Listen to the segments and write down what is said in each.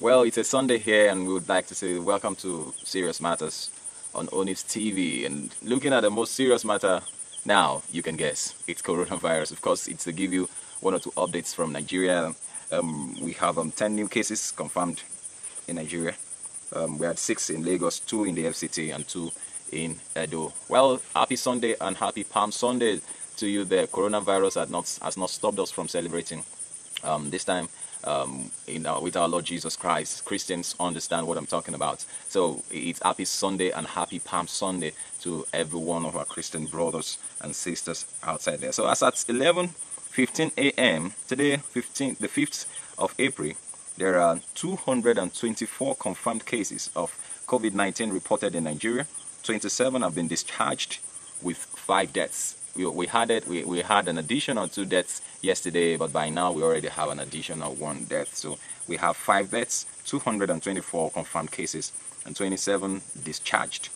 Well, it's a Sunday here, and we would like to say welcome to Serious Matters on Onyx TV. And looking at the most serious matter now, you can guess it's coronavirus. Of course, it's to give you one or two updates from Nigeria. Um, we have um, 10 new cases confirmed in Nigeria. Um, we had six in Lagos, two in the FCT, and two in Edo. Well, happy Sunday and happy Palm Sunday to you there. Coronavirus has not, has not stopped us from celebrating um, this time um, in our, with our Lord Jesus Christ. Christians understand what I'm talking about. So it's happy Sunday and happy Palm Sunday to every one of our Christian brothers and sisters outside there. So as at 11, 15 a.m. today, 15, the 5th of April, there are 224 confirmed cases of COVID-19 reported in Nigeria 27 have been discharged with five deaths. We, we had it. We, we had an additional two deaths yesterday, but by now we already have an additional one death. So we have five deaths, 224 confirmed cases, and 27 discharged.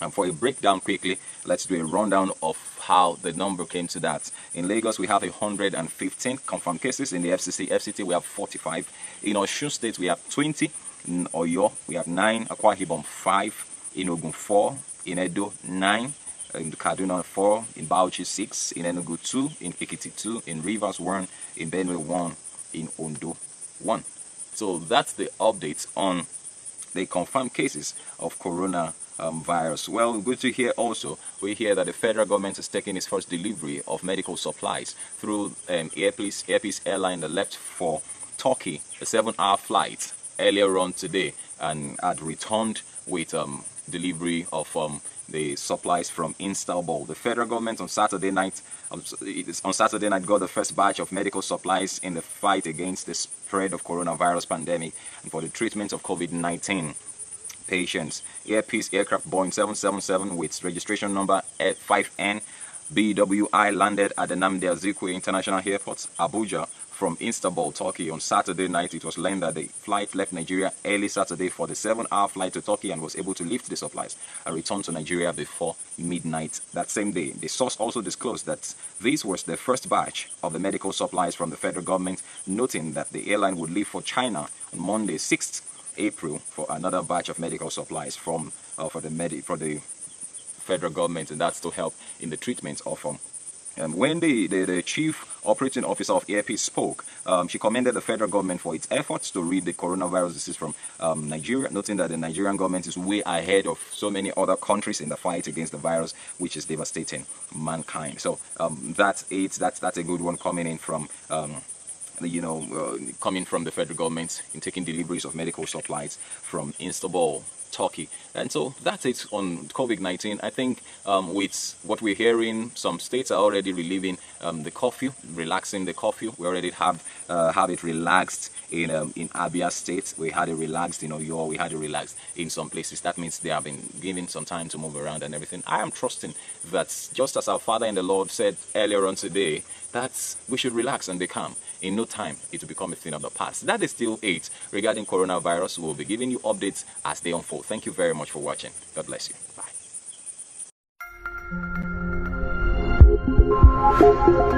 And for a breakdown quickly, let's do a rundown of how the number came to that. In Lagos, we have 115 confirmed cases. In the FCC, FCT, we have 45. In Oshun State, we have 20. In Oyo, we have 9. Akwa Ibom, 5 in Ogun 4, in Edo 9, in Kaduna 4, in Bauchi 6, in Enugu 2, in Ekiti 2, in Rivers 1, in Benue 1, in Ondo 1. So that's the updates on the confirmed cases of corona um, virus. Well, good to hear also, we hear that the federal government is taking its first delivery of medical supplies through um, Airpeace, Airpeace Airline that left for Turkey, a seven-hour flight earlier on today and had returned with um, delivery of um, the supplies from Istanbul, The federal government on Saturday night um, on Saturday night got the first batch of medical supplies in the fight against the spread of coronavirus pandemic and for the treatment of COVID-19 patients. Airpeace aircraft Boeing 777 with registration number 5N BWI landed at the Namdi Azikwe International Airport, Abuja, from Istanbul, Turkey on Saturday night. It was learned that the flight left Nigeria early Saturday for the seven-hour flight to Turkey and was able to lift the supplies and return to Nigeria before midnight that same day. The source also disclosed that this was the first batch of the medical supplies from the federal government, noting that the airline would leave for China on Monday, 6th April, for another batch of medical supplies from uh, for the medi for the federal government and that's to help in the treatment of um, um, when the, the, the, chief operating officer of AIP spoke, um, she commended the federal government for its efforts to rid the coronavirus disease from um, Nigeria, noting that the Nigerian government is way ahead of so many other countries in the fight against the virus, which is devastating mankind. So that's um, it. That's, that's a good one coming in from um, you know, uh, coming from the federal government in taking deliveries of medical supplies from Istanbul. Turkey. And so that's it on COVID-19. I think um, with what we're hearing, some states are already relieving um, the curfew, relaxing the curfew. We already have uh, it relaxed in um, in Abia State. We had it relaxed in Oyo. We had it relaxed in some places. That means they have been given some time to move around and everything. I am trusting that just as our Father in the Lord said earlier on today, that we should relax and be calm. In no time, it will become a thing of the past. That is still it regarding coronavirus. We will be giving you updates as they unfold. So thank you very much for watching. God bless you. Bye.